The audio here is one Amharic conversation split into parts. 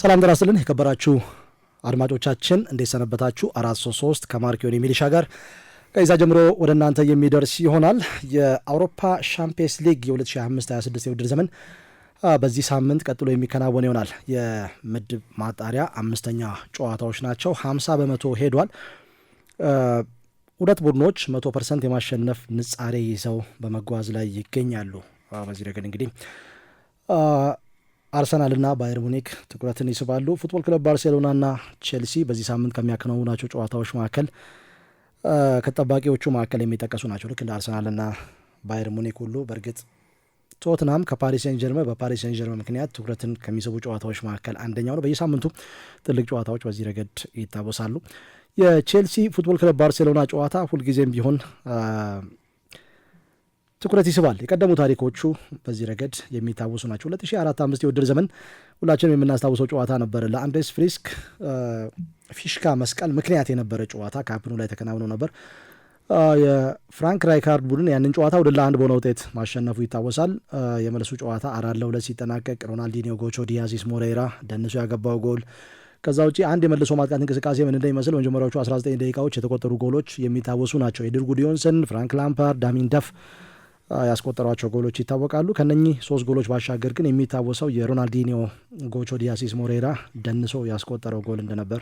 ሰላም ደራስልን የከበራችሁ አድማጮቻችን እንዴት ሰነበታችሁ? አራት ሶስት ሶስት ከማርኪዮን የሚሊሻ ጋር ከይዛ ጀምሮ ወደ እናንተ የሚደርስ ይሆናል። የአውሮፓ ሻምፒየንስ ሊግ የ2025/26 የውድድር ዘመን በዚህ ሳምንት ቀጥሎ የሚከናወን ይሆናል። የምድብ ማጣሪያ አምስተኛ ጨዋታዎች ናቸው። 50 በመቶ ሄዷል። ሁለት ቡድኖች መቶ ፐርሰንት የማሸነፍ ንጻሬ ይዘው በመጓዝ ላይ ይገኛሉ። በዚህ ረገድ እንግዲህ አርሰናልና ባየር ሙኒክ ትኩረትን ይስባሉ። ፉትቦል ክለብ ባርሴሎናና ቼልሲ በዚህ ሳምንት ከሚያከናውናቸው ጨዋታዎች መካከል ከጠባቂዎቹ መካከል የሚጠቀሱ ናቸው። ልክ እንደ አርሰናልና ባየር ሙኒክ ሁሉ በእርግጥ ቶትናም ከፓሪስ ሴን ጀርመን በፓሪስ ሴን ጀርመን ምክንያት ትኩረትን ከሚስቡ ጨዋታዎች መካከል አንደኛው ነው። በየሳምንቱ ትልቅ ጨዋታዎች በዚህ ረገድ ይታወሳሉ። የቼልሲ ፉትቦል ክለብ ባርሴሎና ጨዋታ ሁልጊዜም ቢሆን ትኩረት ይስባል። የቀደሙ ታሪኮቹ በዚህ ረገድ የሚታወሱ ናቸው። 2004 5 የውድድር ዘመን ሁላችንም የምናስታውሰው ጨዋታ ነበር። ለአንድሬስ ፍሪስክ ፊሽካ መስቀል ምክንያት የነበረ ጨዋታ ካፕኑ ላይ ተከናውኖ ነበር። የፍራንክ ራይካርድ ቡድን ያንን ጨዋታ ሁለት ለአንድ በሆነ ውጤት ማሸነፉ ይታወሳል። የመልሱ ጨዋታ አራት ለሁለት ሲጠናቀቅ ሮናልዲኒዮ፣ ጎቾ፣ ዲያዚስ፣ ሞሬራ ደንሶ ያገባው ጎል ከዛ ውጪ አንድ የመልሶ ማጥቃት እንቅስቃሴ ምን እንደሚመስል በመጀመሪያዎቹ 19 ደቂቃዎች የተቆጠሩ ጎሎች የሚታወሱ ናቸው። የድርጉ ፍራንክ ላምፓር፣ ዳሚን ደፍ ያስቆጠሯቸው ጎሎች ይታወቃሉ። ከነኚህ ሶስት ጎሎች ባሻገር ግን የሚታወሰው የሮናልዲኒዮ ጎቾ ዲያሲስ ሞሬራ ደንሶ ያስቆጠረው ጎል እንደነበር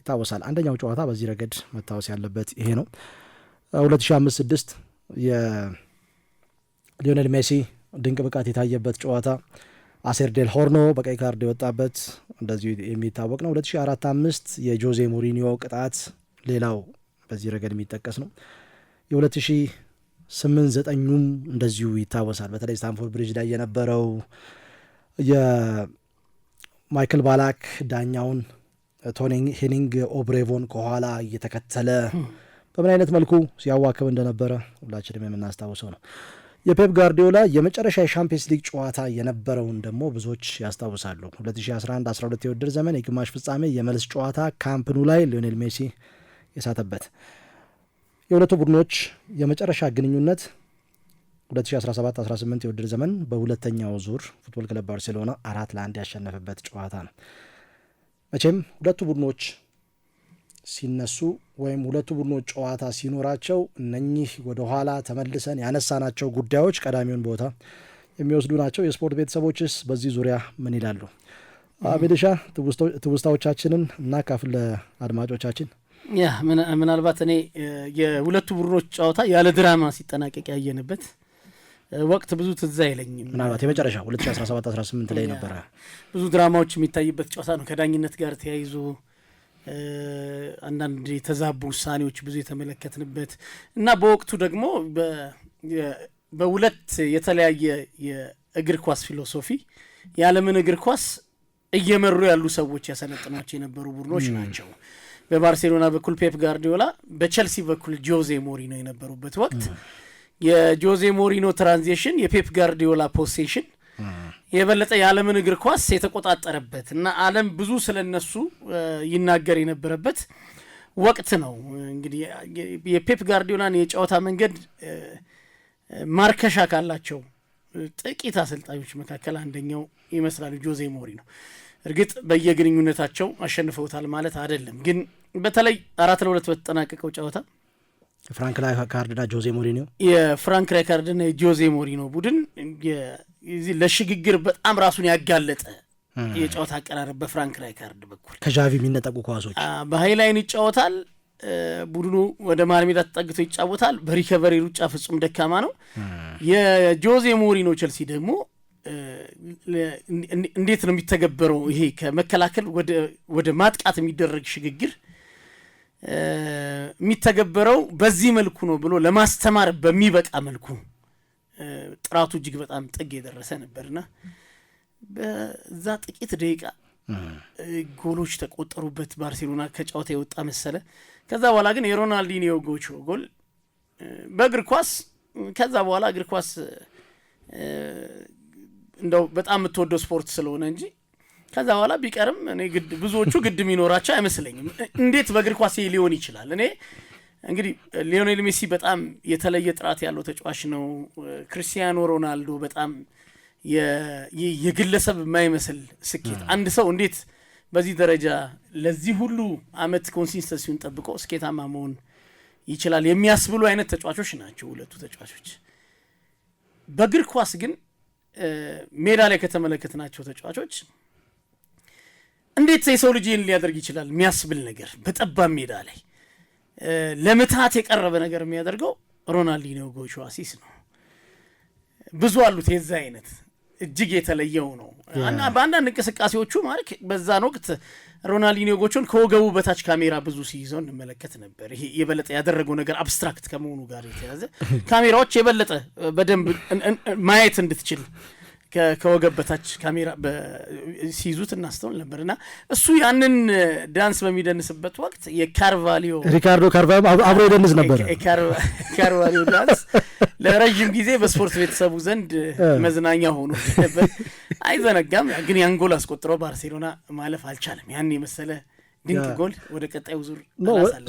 ይታወሳል። አንደኛው ጨዋታ በዚህ ረገድ መታወስ ያለበት ይሄ ነው። 2005/6 የሊዮኔል ሜሲ ድንቅ ብቃት የታየበት ጨዋታ አሴር ዴል ሆርኖ በቀይ ካርድ የወጣበት እንደዚሁ የሚታወቅ ነው። የጆዜ ሞሪኒዮ ቅጣት ሌላው በዚህ ረገድ የሚጠቀስ ነው። የ ስምንት ዘጠኙም እንደዚሁ ይታወሳል። በተለይ ስታንፎርድ ብሪጅ ላይ የነበረው የማይክል ባላክ ዳኛውን ሄኒንግ ኦብሬቮን ከኋላ እየተከተለ በምን አይነት መልኩ ሲያዋክብ እንደነበረ ሁላችንም የምናስታውሰው ነው። የፔፕ ጋርዲዮላ የመጨረሻ የሻምፒየንስ ሊግ ጨዋታ የነበረውን ደግሞ ብዙዎች ያስታውሳሉ። 2011/12 የውድድር ዘመን የግማሽ ፍጻሜ የመልስ ጨዋታ ካምፕኑ ላይ ሊዮኔል ሜሲ የሳተበት የሁለቱ ቡድኖች የመጨረሻ ግንኙነት 2017-18 የውድድር ዘመን በሁለተኛው ዙር ፉትቦል ክለብ ባርሴሎና አራት ለአንድ ያሸነፈበት ጨዋታ ነው። መቼም ሁለቱ ቡድኖች ሲነሱ ወይም ሁለቱ ቡድኖች ጨዋታ ሲኖራቸው እነኚህ ወደኋላ ተመልሰን ያነሳናቸው ጉዳዮች ቀዳሚውን ቦታ የሚወስዱ ናቸው። የስፖርት ቤተሰቦችስ በዚህ ዙሪያ ምን ይላሉ? አቤደሻ ትውስታዎቻችንን እና ካፍለ አድማጮቻችን ያ ምናልባት እኔ የሁለቱ ቡድኖች ጨዋታ ያለ ድራማ ሲጠናቀቅ ያየንበት ወቅት ብዙ ትዝ አይለኝም። ምናልባት የመጨረሻ 2017/18 ላይ ነበረ ብዙ ድራማዎች የሚታይበት ጨዋታ ነው። ከዳኝነት ጋር ተያይዞ አንዳንድ የተዛቡ ውሳኔዎች ብዙ የተመለከትንበት እና በወቅቱ ደግሞ በሁለት የተለያየ የእግር ኳስ ፊሎሶፊ የዓለምን እግር ኳስ እየመሩ ያሉ ሰዎች ያሰለጥኗቸው የነበሩ ቡድኖች ናቸው። በባርሴሎና በኩል ፔፕ ጋርዲዮላ በቸልሲ በኩል ጆዜ ሞሪኖ የነበሩበት ወቅት የጆዜ ሞሪኖ ትራንዚሽን የፔፕ ጋርዲዮላ ፖሴሽን የበለጠ የዓለምን እግር ኳስ የተቆጣጠረበት እና ዓለም ብዙ ስለነሱ ይናገር የነበረበት ወቅት ነው። እንግዲህ የፔፕ ጋርዲዮላን የጨዋታ መንገድ ማርከሻ ካላቸው ጥቂት አሰልጣኞች መካከል አንደኛው ይመስላሉ ጆዜ ሞሪኖ ነው። እርግጥ በየግንኙነታቸው አሸንፈውታል ማለት አይደለም። ግን በተለይ አራት ለሁለት በተጠናቀቀው ጨዋታ ፍራንክ ና ጆዜ ሞሪኒ የፍራንክ ና የጆዜ ሞሪኖ ቡድን ለሽግግር በጣም ራሱን ያጋለጠ የጨዋታ አቀራረብ በፍራንክ ላይካርድ በኩል ከዣቪ የሚነጠቁ ኳሶች በሀይላይን ይጫወታል። ቡድኑ ወደ መሀል ሜዳ ተጠግቶ ይጫወታል። በሪከቨሪ ሩጫ ፍጹም ደካማ ነው። የጆዜ ሞሪኖ ቸልሲ ደግሞ እንዴት ነው የሚተገበረው? ይሄ ከመከላከል ወደ ማጥቃት የሚደረግ ሽግግር የሚተገበረው በዚህ መልኩ ነው ብሎ ለማስተማር በሚበቃ መልኩ ጥራቱ እጅግ በጣም ጥግ የደረሰ ነበርና በዛ ጥቂት ደቂቃ ጎሎች ተቆጠሩበት። ባርሴሎና ከጨዋታ የወጣ መሰለ። ከዛ በኋላ ግን የሮናልዲኒዮ ጎቾ ጎል በእግር ኳስ ከዛ በኋላ እግር ኳስ እንደው በጣም የምትወደው ስፖርት ስለሆነ እንጂ ከዛ በኋላ ቢቀርም እኔ ብዙዎቹ ግድ የሚኖራቸው አይመስለኝም። እንዴት በእግር ኳስ ሊሆን ይችላል? እኔ እንግዲህ ሊዮኔል ሜሲ በጣም የተለየ ጥራት ያለው ተጫዋች ነው። ክርስቲያኖ ሮናልዶ በጣም የግለሰብ የማይመስል ስኬት። አንድ ሰው እንዴት በዚህ ደረጃ ለዚህ ሁሉ አመት ኮንሲስተንሲውን ጠብቆ ስኬታማ መሆን ይችላል የሚያስብሉ አይነት ተጫዋቾች ናቸው ሁለቱ ተጫዋቾች። በእግር ኳስ ግን ሜዳ ላይ ከተመለከትናቸው ተጫዋቾች እንዴት የሰው ልጅ ይህን ሊያደርግ ይችላል የሚያስብል ነገር በጠባብ ሜዳ ላይ ለምታት የቀረበ ነገር የሚያደርገው ሮናልዲኖ ጎቹ አሲስ ነው። ብዙ አሉት የዛ አይነት እጅግ የተለየው ነው። በአንዳንድ እንቅስቃሴዎቹ ማለት በዛን ወቅት ሮናልዲኒዮ ጎቾን ከወገቡ በታች ካሜራ ብዙ ሲይዘው እንመለከት ነበር። ይሄ የበለጠ ያደረገው ነገር አብስትራክት ከመሆኑ ጋር የተያዘ ካሜራዎች የበለጠ በደንብ ማየት እንድትችል ከወገብ በታች ካሜራ ሲይዙት እናስተውል ነበር እና እሱ ያንን ዳንስ በሚደንስበት ወቅት የካርቫሊዮ ሪካርዶ ካርቫ አብሮ ይደንስ ነበር። ካርቫሊዮ ዳንስ ለረዥም ጊዜ በስፖርት ቤተሰቡ ዘንድ መዝናኛ ሆኖ ነበር። አይዘነጋም። ግን ያን ጎል አስቆጥሮ ባርሴሎና ማለፍ አልቻለም። ያን የመሰለ ድንቅ ጎል ወደ ቀጣዩ ዙር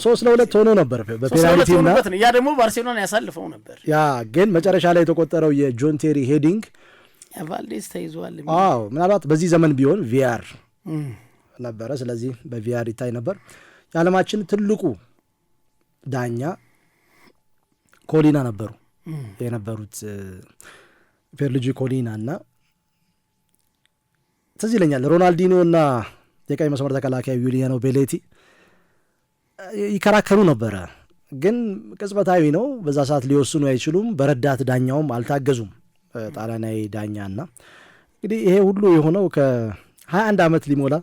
ሶስት ለሁለት ሆኖ ነበር በፔናልቲ ነው። ያ ደግሞ ባርሴሎና ያሳልፈው ነበር። ያ ግን መጨረሻ ላይ የተቆጠረው የጆን ቴሪ ሄዲንግ ቫልዴዝ ተይዘዋል። አዎ ምናልባት በዚህ ዘመን ቢሆን ቪያር ነበረ። ስለዚህ በቪያር ይታይ ነበር። የዓለማችን ትልቁ ዳኛ ኮሊና ነበሩ የነበሩት ፌር ልጅ ኮሊና እና ትዝ ይለኛል ሮናልዲኖ እና የቀኝ መስመር ተከላካይ ዩሊያኖ ቤሌቲ ይከራከሩ ነበረ። ግን ቅጽበታዊ ነው። በዛ ሰዓት ሊወስኑ አይችሉም። በረዳት ዳኛውም አልታገዙም። ጣሊያናዊ ዳኛ ና እንግዲህ ይሄ ሁሉ የሆነው ሀያ አንድ ዓመት ሊሞላ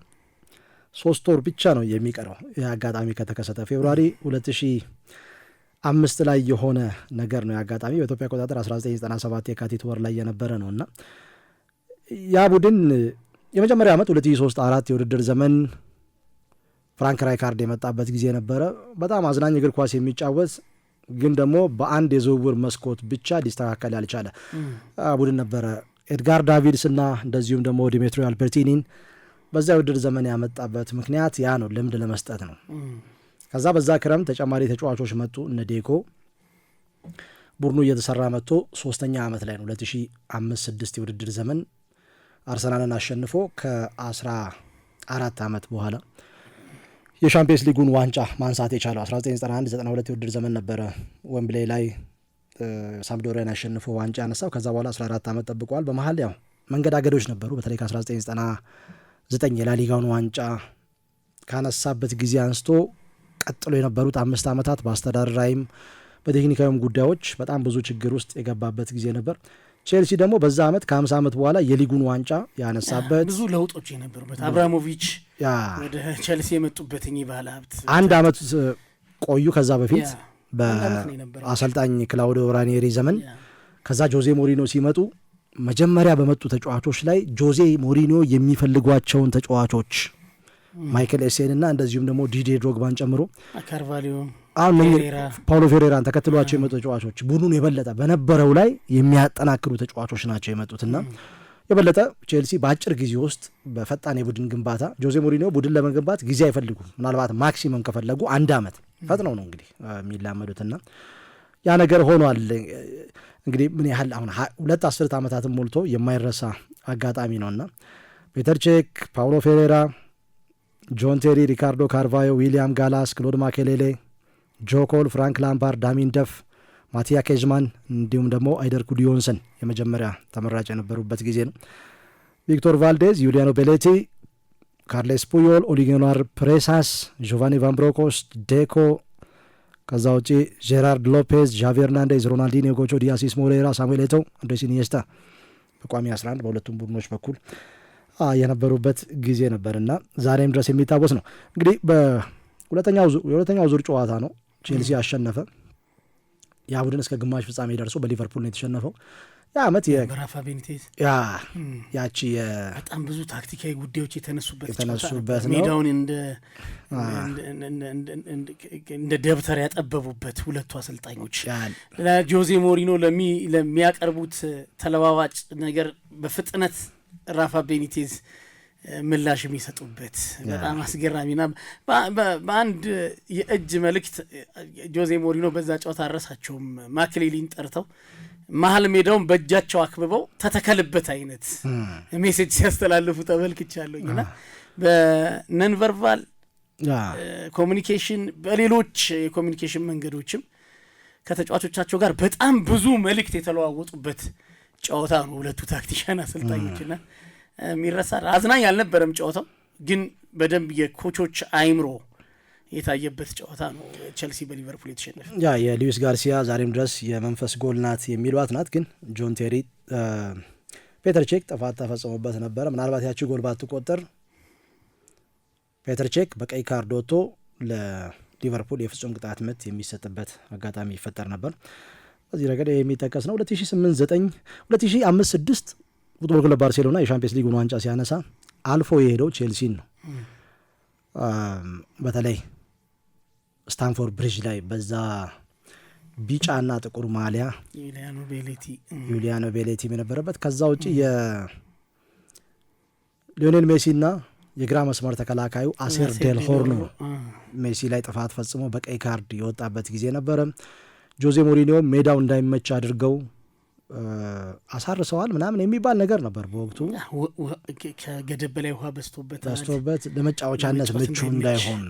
ሶስት ወር ብቻ ነው የሚቀረው። ይህ አጋጣሚ ከተከሰተ ፌብሩዋሪ ሁለት ሺ አምስት ላይ የሆነ ነገር ነው። የአጋጣሚ በኢትዮጵያ አቆጣጠር 1997 የካቲት ወር ላይ የነበረ ነው እና ያ ቡድን የመጀመሪያ ዓመት ሶስት አራት የውድድር ዘመን ፍራንክ ራይካርድ የመጣበት ጊዜ ነበረ። በጣም አዝናኝ እግር ኳስ የሚጫወት ግን ደግሞ በአንድ የዝውውር መስኮት ብቻ ሊስተካከል ያልቻለ ቡድን ነበረ። ኤድጋር ዳቪድስ እና እንደዚሁም ደግሞ ዲሜትሪ አልበርቲኒን በዚያ ውድድር ዘመን ያመጣበት ምክንያት ያ ነው፣ ልምድ ለመስጠት ነው። ከዛ በዛ ክረምት ተጨማሪ ተጫዋቾች መጡ። እነ ዴኮ ቡድኑ እየተሰራ መጥቶ ሶስተኛ ዓመት ላይ ነው 2005/06 የውድድር ዘመን አርሰናልን አሸንፎ ከ አራት ዓመት በኋላ የሻምፒየንስ ሊጉን ዋንጫ ማንሳት የቻለው 1991/92 የውድድር ዘመን ነበረ። ወምብሌ ላይ ሳምፕዶሪያን ያሸንፎ ዋንጫ ያነሳው። ከዛ በኋላ 14 ዓመት ጠብቋል። በመሀል ያው መንገዳገዶች ነበሩ። በተለይ ከ1999 የላሊጋውን ዋንጫ ካነሳበት ጊዜ አንስቶ ቀጥሎ የነበሩት አምስት ዓመታት በአስተዳደራዊም በቴክኒካዊም ጉዳዮች በጣም ብዙ ችግር ውስጥ የገባበት ጊዜ ነበር። ቼልሲ ደግሞ በዛ ዓመት ከ50 ዓመት በኋላ የሊጉን ዋንጫ ያነሳበት ብዙ ለውጦች የነበሩበት አብራሞቪች ወደ ቼልሲ የመጡበት እኚህ ባለ ሀብት አንድ ዓመት ቆዩ። ከዛ በፊት በአሰልጣኝ ክላውዲዮ ራኔሪ ዘመን ከዛ ጆዜ ሞሪኖ ሲመጡ መጀመሪያ በመጡ ተጫዋቾች ላይ ጆዜ ሞሪኖ የሚፈልጓቸውን ተጫዋቾች ማይክል ኤሴን እና እንደዚሁም ደግሞ ዲዴ ድሮግባን ጨምሮ አሁን ፓውሎ ፌሬራን ተከትሏቸው የመጡ ተጫዋቾች ቡድኑን የበለጠ በነበረው ላይ የሚያጠናክሩ ተጫዋቾች ናቸው የመጡትና የበለጠ ቼልሲ በአጭር ጊዜ ውስጥ በፈጣን የቡድን ግንባታ ጆዜ ሞሪኒዮ ቡድን ለመገንባት ጊዜ አይፈልጉም። ምናልባት ማክሲመም ከፈለጉ አንድ ዓመት ፈጥነው ነው እንግዲህ የሚላመዱትና ያ ነገር ሆኗል። እንግዲህ ምን ያህል አሁን ሁለት አስርት ዓመታትን ሞልቶ የማይረሳ አጋጣሚ ነውና ፔተር ቼክ፣ ፓውሎ ፌሬራ፣ ጆን ቴሪ፣ ሪካርዶ ካርቫዮ፣ ዊሊያም ጋላስ፣ ክሎድ ማኬሌሌ ጆኮል፣ ፍራንክ ላምፓርድ፣ ዳሚን ደፍ፣ ማቲያ ኬጅማን እንዲሁም ደግሞ አይደር ጉዲዮንስን የመጀመሪያ ተመራጭ የነበሩበት ጊዜ ነው። ቪክቶር ቫልዴዝ፣ ዩሊያኖ ቤሌቲ፣ ካርሌስ ፑዮል፣ ኦሊጌኗር ፕሬሳስ፣ ጆቫኒ ቫንብሮኮስ፣ ዴኮ ከዛ ውጪ ጄራርድ ሎፔዝ፣ ዣቪ ርናንዴዝ፣ ሮናልዲኒዮ ጎቾ፣ ዲያሲስ ሞሬራ፣ ሳሙኤል ኤቶ፣ አንድሬስ ኢኒየስታ በቋሚ 11 በሁለቱም ቡድኖች በኩል የነበሩበት ጊዜ ነበርና ዛሬም ድረስ የሚታወስ ነው። እንግዲህ በሁለተኛው ዙር ጨዋታ ነው ቼልሲ አሸነፈ። ያ ቡድን እስከ ግማሽ ፍጻሜ ደርሶ በሊቨርፑል ነው የተሸነፈው። ያ ዓመት በራፋ ቤኒቴዝ ያ ያቺ በጣም ብዙ ታክቲካዊ ጉዳዮች የተነሱበት የተነሱበት ነው። ሜዳውን እንደ ደብተር ያጠበቡበት ሁለቱ አሰልጣኞች ጆዜ ሞሪኖ ለሚያቀርቡት ተለዋዋጭ ነገር በፍጥነት ራፋ ቤኒቴዝ ምላሽ የሚሰጡበት በጣም አስገራሚና በአንድ የእጅ መልእክት ጆዜ ሞሪኖ በዛ ጨዋታ አረሳቸውም ማክሌሊን ጠርተው መሀል ሜዳውን በእጃቸው አክብበው ተተከልበት አይነት ሜሴጅ ሲያስተላልፉ ተመልክቻለሁኝ ና በነንቨርቫል ኮሚኒኬሽን በሌሎች የኮሚኒኬሽን መንገዶችም ከተጫዋቾቻቸው ጋር በጣም ብዙ መልእክት የተለዋወጡበት ጨዋታ ነው። ሁለቱ ታክቲሻን አሰልጣኞችና የሚረሳ አዝናኝ አልነበረም ጨዋታው፣ ግን በደንብ የኮቾች አይምሮ የታየበት ጨዋታ ነው። ቸልሲ በሊቨርፑል የተሸነፈ ያ የሉዊስ ጋርሲያ ዛሬም ድረስ የመንፈስ ጎል ናት የሚሏት ናት። ግን ጆን ቴሪ ፔተር ቼክ ጥፋት ተፈጽሞበት ነበረ። ምናልባት ያቺ ጎል ባትቆጠር ፔተር ቼክ በቀይ ካርድ ወጥቶ ለሊቨርፑል የፍጹም ቅጣት ምት የሚሰጥበት አጋጣሚ ይፈጠር ነበር። በዚህ ረገድ የሚጠቀስ ነው 2008 9 2005 6 ፉትቦል ክለብ ባርሴሎና የሻምፒየንስ ሊጉን ዋንጫ ሲያነሳ አልፎ የሄደው ቼልሲን ነው። በተለይ ስታንፎርድ ብሪጅ ላይ በዛ ቢጫና ጥቁር ማሊያ ዩሊያኖ ቤሌቲ የነበረበት ከዛ ውጭ የሊዮኔል ሜሲና የግራ መስመር ተከላካዩ አሴር ዴል ነው ሜሲ ላይ ጥፋት ፈጽሞ በቀይ ካርድ የወጣበት ጊዜ ነበረ። ጆዜ ሞሪኒዮ ሜዳው እንዳይመች አድርገው አሳርሰዋል ምናምን የሚባል ነገር ነበር በወቅቱ ከገደብ በላይ ውሃ በስቶበት በስቶበት ለመጫወቻነት ምቹ እንዳይሆን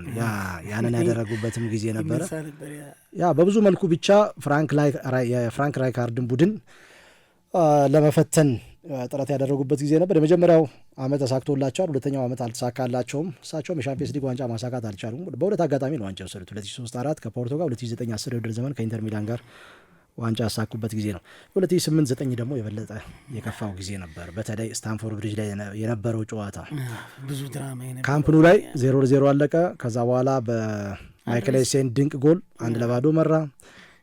ያንን ያደረጉበትም ጊዜ ነበረ። ያ በብዙ መልኩ ብቻ የፍራንክ ራይካርድን ቡድን ለመፈተን ጥረት ያደረጉበት ጊዜ ነበር። የመጀመሪያው አመት ተሳክቶላቸዋል። ሁለተኛው ዓመት አልተሳካላቸውም። እሳቸውም የሻምፒየንስ ሊግ ዋንጫ ማሳካት አልቻሉም። በሁለት አጋጣሚ ነው ዋንጫ የወሰዱት 2003 4 ከፖርቱጋል 2009 10 የውድድር ዘመን ከኢንተር ሚላን ጋር ዋንጫ ያሳኩበት ጊዜ ነው። ዘጠኝ ደግሞ የበለጠ የከፋው ጊዜ ነበር። በተለይ ስታንፎርድ ብሪጅ ላይ የነበረው ጨዋታ ብዙ ድራማ ካምፕኑ ላይ ዜሮ ለዜሮ አለቀ። ከዛ በኋላ በማይክል ኤሴን ድንቅ ጎል አንድ ለባዶ መራ።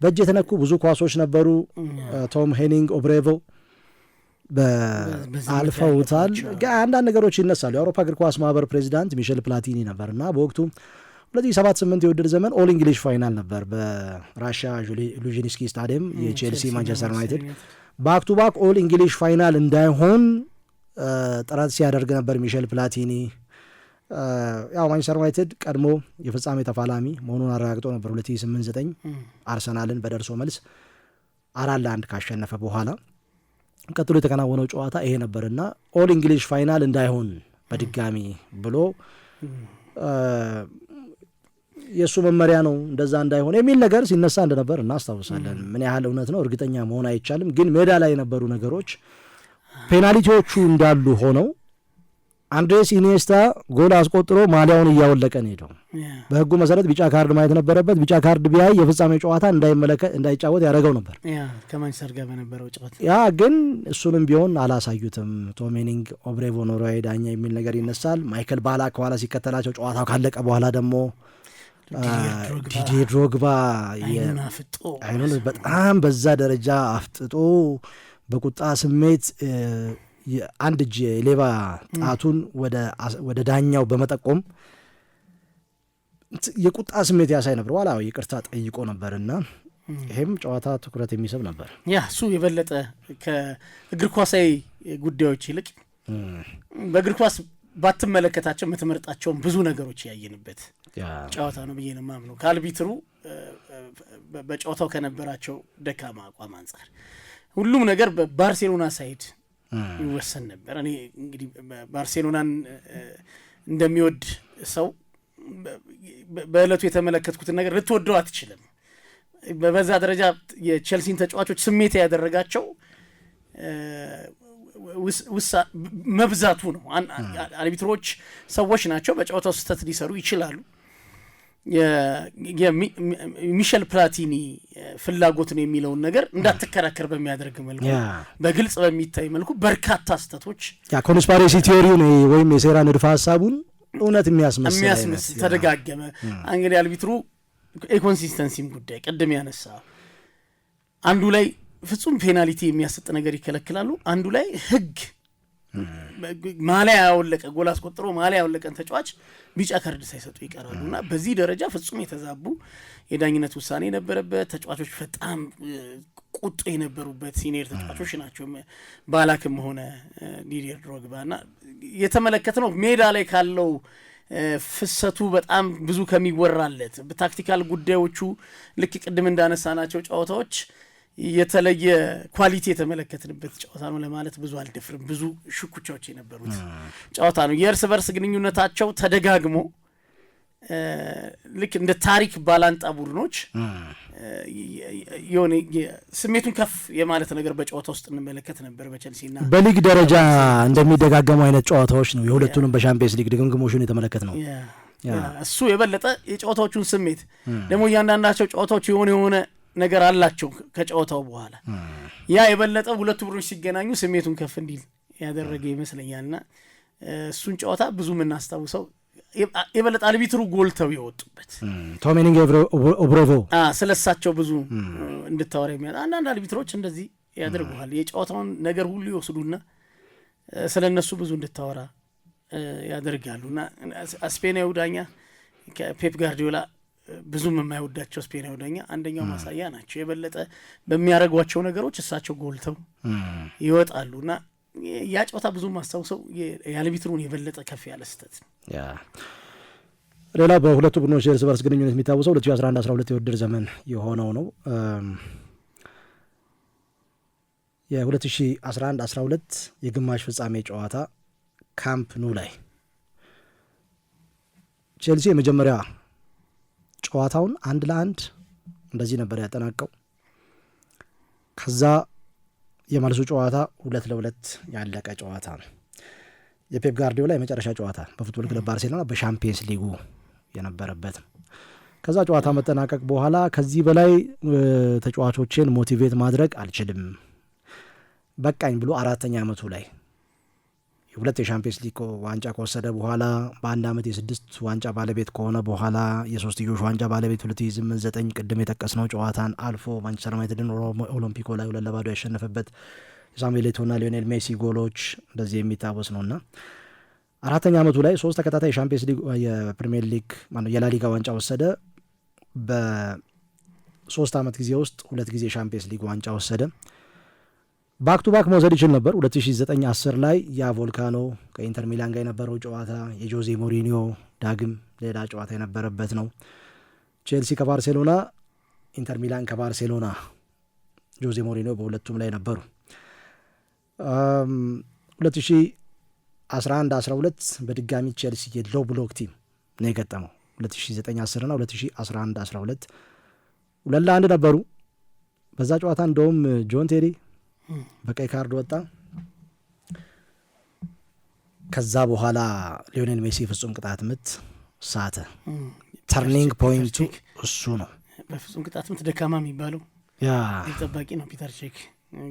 በእጅ የተነኩ ብዙ ኳሶች ነበሩ። ቶም ሄኒንግ ኦብሬቮ አልፈውታል። አንዳንድ ነገሮች ይነሳሉ። የአውሮፓ እግር ኳስ ማህበር ፕሬዚዳንት ሚሼል ፕላቲኒ ነበር እና በወቅቱ 2078 የውድድር ዘመን ኦል እንግሊሽ ፋይናል ነበር በራሻ ሉዥኒስኪ ስታዲየም የቼልሲ ማንቸስተር ዩናይትድ ባክ ቱ ባክ ኦል እንግሊሽ ፋይናል እንዳይሆን ጥረት ሲያደርግ ነበር ሚሸል ፕላቲኒ። ያው ማንቸስተር ዩናይትድ ቀድሞ የፍጻሜ ተፋላሚ መሆኑን አረጋግጦ ነበር 2089 አርሰናልን በደርሶ መልስ አራት ለአንድ ካሸነፈ በኋላ ቀጥሎ የተከናወነው ጨዋታ ይሄ ነበርና ኦል እንግሊሽ ፋይናል እንዳይሆን በድጋሚ ብሎ የእሱ መመሪያ ነው እንደዛ እንዳይሆነ የሚል ነገር ሲነሳ እንደነበር እናስታውሳለን። ምን ያህል እውነት ነው እርግጠኛ መሆን አይቻልም። ግን ሜዳ ላይ የነበሩ ነገሮች ፔናልቲዎቹ እንዳሉ ሆነው አንድሬስ ኢኒስታ ጎል አስቆጥሮ ማሊያውን እያወለቀ ነው ሄደው። በህጉ መሰረት ቢጫ ካርድ ማየት ነበረበት። ቢጫ ካርድ ቢያይ የፍጻሜ ጨዋታ እንዳይመለከት እንዳይጫወት ያደረገው ነበር ከማንቸስተር ጋር በነበረው ጨዋታ። ያ ግን እሱንም ቢሆን አላሳዩትም። ቶሜኒንግ ኦብሬቮ ዳኛ የሚል ነገር ይነሳል። ማይከል ባላ ከኋላ ሲከተላቸው ጨዋታው ካለቀ በኋላ ደግሞ ዲዲዬ ድሮግባ አይኑን በጣም በዛ ደረጃ አፍጥጦ በቁጣ ስሜት አንድ እጅ ሌባ ጣቱን ወደ ዳኛው በመጠቆም የቁጣ ስሜት ያሳይ ነበር። ኋላ ይቅርታ ጠይቆ ነበርና ይሄም ጨዋታ ትኩረት የሚስብ ነበር። ያ እሱ የበለጠ ከእግር ኳሳዊ ጉዳዮች ይልቅ በእግር ኳስ ባትመለከታቸው የምትመርጣቸውን ብዙ ነገሮች ያየንበት ጨዋታ ነው ብዬ ነው ማምነው። ከአልቢትሩ በጨዋታው ከነበራቸው ደካማ አቋም አንጻር ሁሉም ነገር በባርሴሎና ሳይድ ይወሰን ነበር። እኔ እንግዲህ ባርሴሎናን እንደሚወድ ሰው በእለቱ የተመለከትኩትን ነገር ልትወደው አትችልም። በዛ ደረጃ የቼልሲን ተጫዋቾች ስሜት ያደረጋቸው መብዛቱ ነው። አርቢትሮች ሰዎች ናቸው፣ በጨዋታው ስህተት ሊሰሩ ይችላሉ። ሚሸል ፕላቲኒ ፍላጎት ነው የሚለውን ነገር እንዳትከራከር በሚያደርግ መልኩ በግልጽ በሚታይ መልኩ በርካታ ስህተቶች ኮንስፓሬሲ ቲዮሪውን ወይም የሴራ ንድፈ ሀሳቡን እውነት የሚያስመስል ተደጋገመ። እንግዲህ አልቢትሩ የኮንሲስተንሲም ጉዳይ ቅድም ያነሳ አንዱ ላይ ፍጹም ፔናልቲ የሚያሰጥ ነገር ይከለክላሉ። አንዱ ላይ ህግ ማሊያ ያወለቀ ጎል አስቆጥሮ ማሊያ ያወለቀን ተጫዋች ቢጫ ካርድ ሳይሰጡ ይቀራሉ እና በዚህ ደረጃ ፍጹም የተዛቡ የዳኝነት ውሳኔ የነበረበት ተጫዋቾች በጣም ቁጡ የነበሩበት ሲኒየር ተጫዋቾች ናቸው። ባላክም ሆነ ዲዲር ድሮግባ እና የተመለከት ነው ሜዳ ላይ ካለው ፍሰቱ በጣም ብዙ ከሚወራለት በታክቲካል ጉዳዮቹ ልክ ቅድም እንዳነሳ ናቸው ጨዋታዎች የተለየ ኳሊቲ የተመለከትንበት ጨዋታ ነው ለማለት ብዙ አልደፍርም። ብዙ ሽኩቻዎች የነበሩት ጨዋታ ነው። የእርስ በርስ ግንኙነታቸው ተደጋግሞ ልክ እንደ ታሪክ ባላንጣ ቡድኖች የሆነ ስሜቱን ከፍ የማለት ነገር በጨዋታ ውስጥ እንመለከት ነበር። በቸልሲና በሊግ ደረጃ እንደሚደጋገሙ አይነት ጨዋታዎች ነው። የሁለቱንም በሻምፒየንስ ሊግ ድግምግሞሹን የተመለከት ነው። እሱ የበለጠ የጨዋታዎቹን ስሜት ደግሞ እያንዳንዳቸው ጨዋታዎች የሆነ የሆነ ነገር አላቸው ከጨዋታው በኋላ ያ የበለጠ ሁለቱ ቡድኖች ሲገናኙ ስሜቱን ከፍ እንዲል ያደረገ ይመስለኛልና እሱን ጨዋታ ብዙ የምናስታውሰው የበለጠ አልቢትሩ ጎልተው የወጡበት ቶሜኒንግ ኦብሮቮ ስለሳቸው ብዙ እንድታወራ የሚያ አንዳንድ አልቢትሮች እንደዚህ ያደርጉሃል። የጨዋታውን ነገር ሁሉ ይወስዱና ስለ እነሱ ብዙ እንድታወራ ያደርጋሉ ያደርጋሉና ስፔናዊ ዳኛ ከፔፕ ጋርዲዮላ ብዙም የማይወዳቸው ስፔናዊ ዳኛ አንደኛው ማሳያ ናቸው። የበለጠ በሚያደርጓቸው ነገሮች እሳቸው ጎልተው ይወጣሉ እና ያ ጨዋታ ብዙ ማስታውሰው የአልቢትሩን የበለጠ ከፍ ያለ ስህተት ሌላ በሁለቱ ቡድኖች የእርስ በርስ ግንኙነት የሚታወሰው 2011 12 የውድድር ዘመን የሆነው ነው። የ2011 12 የግማሽ ፍጻሜ ጨዋታ ካምፕ ኑ ላይ ቼልሲ የመጀመሪያ ጨዋታውን አንድ ለአንድ እንደዚህ ነበር ያጠናቀው። ከዛ የመልሱ ጨዋታ ሁለት ለሁለት ያለቀ ጨዋታ ነው። የፔፕ ጋርዲዮላ የመጨረሻ ጨዋታ በፉትቦል ክለብ ባርሴሎና በሻምፒየንስ ሊጉ የነበረበት ከዛ ጨዋታ መጠናቀቅ በኋላ ከዚህ በላይ ተጫዋቾችን ሞቲቬት ማድረግ አልችልም በቃኝ ብሎ አራተኛ ዓመቱ ላይ ሁለት የሻምፒየንስ ሊግ ዋንጫ ከወሰደ በኋላ በአንድ አመት የስድስት ዋንጫ ባለቤት ከሆነ በኋላ የሶስትዮሽ ዋንጫ ባለቤት ሁለት ሺህ ስምንት ዘጠኝ ቅድም የጠቀስነው ጨዋታን አልፎ ማንቸስተር ዩናይትድን ኦሎምፒኮ ላይ ሁለት ለባዶ ያሸነፈበት ሳሙኤል ኤቶና ሊዮኔል ሜሲ ጎሎች እንደዚህ የሚታወስ ነው ነውና አራተኛ አመቱ ላይ ሶስት ተከታታይ የሻምፒየንስ ሊግ የፕሪሚየር ሊግ የላሊጋ ዋንጫ ወሰደ። በሶስት አመት ጊዜ ውስጥ ሁለት ጊዜ የሻምፒየንስ ሊግ ዋንጫ ወሰደ። ባክ ቱ ባክ መውሰድ ይችል ነበር። 2009 10 ላይ ያ ቮልካኖ ከኢንተር ሚላን ጋር የነበረው ጨዋታ የጆዜ ሞሪኒዮ ዳግም ሌላ ጨዋታ የነበረበት ነው። ቼልሲ ከባርሴሎና፣ ኢንተር ሚላን ከባርሴሎና ጆዜ ሞሪኒዮ በሁለቱም ላይ ነበሩ። 2011 12 በድጋሚ ቼልሲ የሎ ብሎክ ቲም ነው የገጠመው። 2009 10 እና 2011 12 ሁለት ለአንድ ነበሩ። በዛ ጨዋታ እንደውም ጆን ቴሪ በቀይ ካርድ ወጣ። ከዛ በኋላ ሊዮኔል ሜሲ ፍጹም ቅጣት ምት ሳተ። ተርኒንግ ፖይንቱ እሱ ነው። በፍጹም ቅጣት ምት ደካማ የሚባለው ጠባቂ ነው ፒተር ቼክ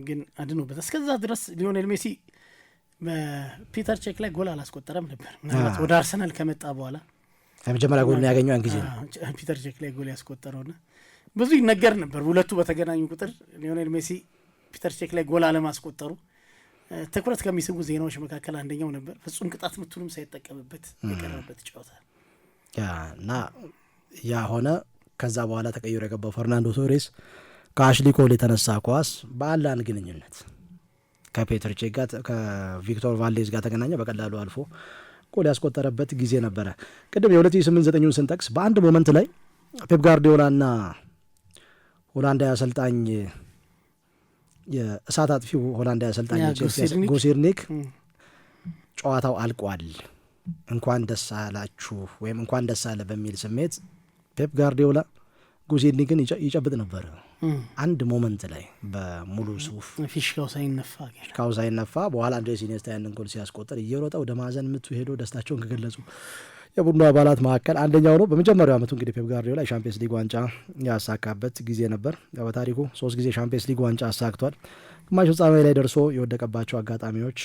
ግን አድኖበት። እስከዛ ድረስ ሊዮኔል ሜሲ በፒተር ቼክ ላይ ጎል አላስቆጠረም ነበር። ምናልባት ወደ አርሰናል ከመጣ በኋላ የመጀመሪያ ጎል ያገኘው ያን ጊዜ ነው። ፒተር ቼክ ላይ ጎል ያስቆጠረውና ብዙ ይነገር ነበር። ሁለቱ በተገናኙ ቁጥር ሊዮኔል ሜሲ ፒተር ቼክ ላይ ጎል አለማስቆጠሩ ትኩረት ከሚስቡ ዜናዎች መካከል አንደኛው ነበር። ፍጹም ቅጣት ምቱንም ሳይጠቀምበት የቀረበት ጨዋታ እና ያ ሆነ። ከዛ በኋላ ተቀይሮ የገባው ፈርናንዶ ቶሬስ ከአሽሊ ኮል የተነሳ ኳስ በአላን ግንኙነት ከፔተር ቼክ ጋር ከቪክቶር ቫሌዝ ጋር ተገናኘ። በቀላሉ አልፎ ጎል ያስቆጠረበት ጊዜ ነበረ። ቅድም የ 2008 9 ስንጠቅስ በአንድ ሞመንት ላይ ፔፕ ጋርዲዮላ እና ሆላንዳዊ አሰልጣኝ የእሳት አጥፊው ሆላንዳዊ አሰልጣኝ ጉሲርኒክ ጨዋታው አልቋል፣ እንኳን ደስ አላችሁ ወይም እንኳን ደስ አለ በሚል ስሜት ፔፕ ጋርዲዮላ ጉሲርኒክን ይጨብጥ ነበር። አንድ ሞመንት ላይ በሙሉ ሱፍ ፊሽካው ሳይነፋ ፊሽካው ሳይነፋ በኋላ አንድሬስ ኢኒየስታ ያንን ጎል ሲያስቆጥር እየሮጠ ወደ ማዕዘን ምቱ ሄዶ ደስታቸውን ከገለጹ የቡድኑ አባላት መካከል አንደኛው ነው። በመጀመሪያው ዓመቱ እንግዲህ ፔፕ ጋርዲዮላ የሻምፒየንስ ሊግ ዋንጫ ያሳካበት ጊዜ ነበር። በታሪኩ ሶስት ጊዜ ሻምፒየንስ ሊግ ዋንጫ አሳክቷል። ግማሽ ፍጻሜ ላይ ደርሶ የወደቀባቸው አጋጣሚዎች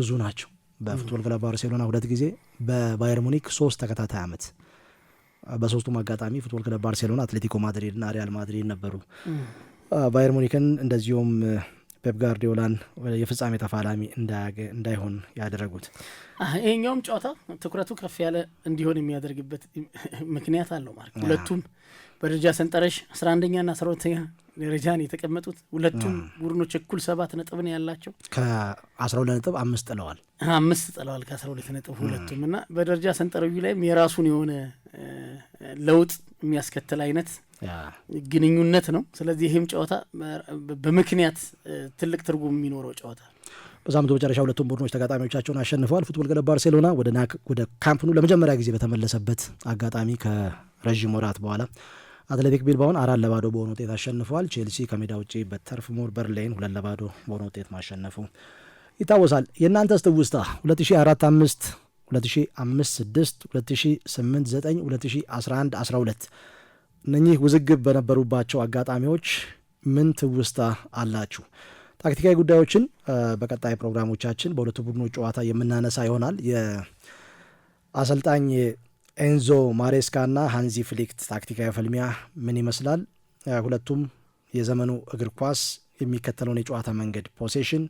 ብዙ ናቸው። በፉትቦል ክለብ ባርሴሎና ሁለት ጊዜ፣ በባየር ሙኒክ ሶስት ተከታታይ ዓመት በሶስቱም አጋጣሚ ፉትቦል ክለብ ባርሴሎና፣ አትሌቲኮ ማድሪድ ሪያል ማድሪድ ነበሩ። ባየር ሙኒክን እንደዚሁም ፔፕ ጋርዲዮላን የፍጻሜ ተፋላሚ እንዳይሆን ያደረጉት። ይሄኛውም ጨዋታ ትኩረቱ ከፍ ያለ እንዲሆን የሚያደርግበት ምክንያት አለው ማለት ሁለቱም በደረጃ ሰንጠረዥ 11 ና 12ኛ ደረጃን የተቀመጡት ሁለቱም ቡድኖች እኩል ሰባት ነጥብ ነው ያላቸው። ከ12 ነጥብ አምስት ጥለዋል አምስት ጥለዋል ከ12 ነጥብ ሁለቱም እና በደረጃ ሰንጠረዡ ላይም የራሱን የሆነ ለውጥ የሚያስከትል አይነት ግንኙነት ነው። ስለዚህ ይህም ጨዋታ በምክንያት ትልቅ ትርጉም የሚኖረው ጨዋታ በሳምንቱ መጨረሻ ሁለቱም ቡድኖች ተጋጣሚዎቻቸውን አሸንፈዋል። ፉትቦል ክለብ ባርሴሎና ወደ ካምፕኑ ለመጀመሪያ ጊዜ በተመለሰበት አጋጣሚ ከረዥም ወራት በኋላ አትሌቲክ ቢልባውን አራት ለባዶ በሆነ ውጤት አሸንፈዋል። ቼልሲ ከሜዳ ውጪ በተርፍ ሙር በርሊን ሁለት ለባዶ በሆነ ውጤት ማሸነፉ ይታወሳል። የእናንተስ ትውስታ 2004 5 2005 6 2008 9 2011 12 እነኚህ ውዝግብ በነበሩባቸው አጋጣሚዎች ምን ትውስታ አላችሁ? ታክቲካዊ ጉዳዮችን በቀጣይ ፕሮግራሞቻችን በሁለቱ ቡድኖች ጨዋታ የምናነሳ ይሆናል። የአሰልጣኝ ኤንዞ ማሬስካ ና ሃንዚ ፍሊክት ታክቲካዊ ፍልሚያ ምን ይመስላል? ሁለቱም የዘመኑ እግር ኳስ የሚከተለውን የጨዋታ መንገድ ፖሴሽን፣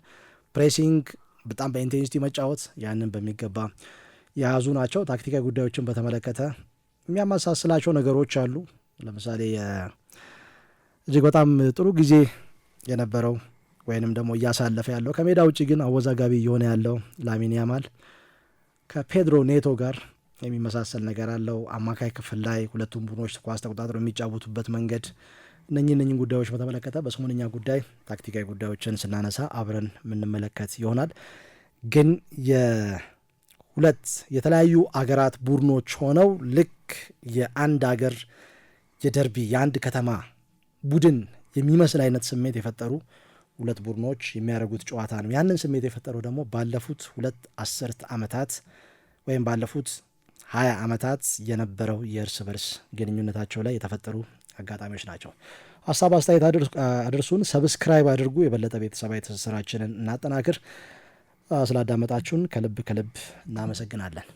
ፕሬሲንግ፣ በጣም በኢንቴንሲቲ መጫወት ያንን በሚገባ የያዙ ናቸው። ታክቲካዊ ጉዳዮችን በተመለከተ የሚያመሳስላቸው ነገሮች አሉ። ለምሳሌ እጅግ በጣም ጥሩ ጊዜ የነበረው ወይንም ደግሞ እያሳለፈ ያለው ከሜዳ ውጭ ግን አወዛጋቢ እየሆነ ያለው ላሚን ያማል ከፔድሮ ኔቶ ጋር የሚመሳሰል ነገር አለው። አማካይ ክፍል ላይ ሁለቱም ቡድኖች ኳስ ተቆጣጥረው የሚጫወቱበት መንገድ እነኚህ እነኚህን ጉዳዮች በተመለከተ በሰሙንኛ ጉዳይ ታክቲካዊ ጉዳዮችን ስናነሳ አብረን የምንመለከት ይሆናል። ግን የሁለት የተለያዩ አገራት ቡድኖች ሆነው ልክ የአንድ አገር የደርቢ የአንድ ከተማ ቡድን የሚመስል አይነት ስሜት የፈጠሩ ሁለት ቡድኖች የሚያደርጉት ጨዋታ ነው። ያንን ስሜት የፈጠረው ደግሞ ባለፉት ሁለት አስርት ዓመታት ወይም ባለፉት ሀያ ዓመታት የነበረው የእርስ በርስ ግንኙነታቸው ላይ የተፈጠሩ አጋጣሚዎች ናቸው። ሀሳብ አስተያየት አድርሱን፣ ሰብስክራይብ አድርጉ። የበለጠ ቤተሰባዊ ትስስራችንን እናጠናክር። ስላዳመጣችሁን ከልብ ከልብ እናመሰግናለን።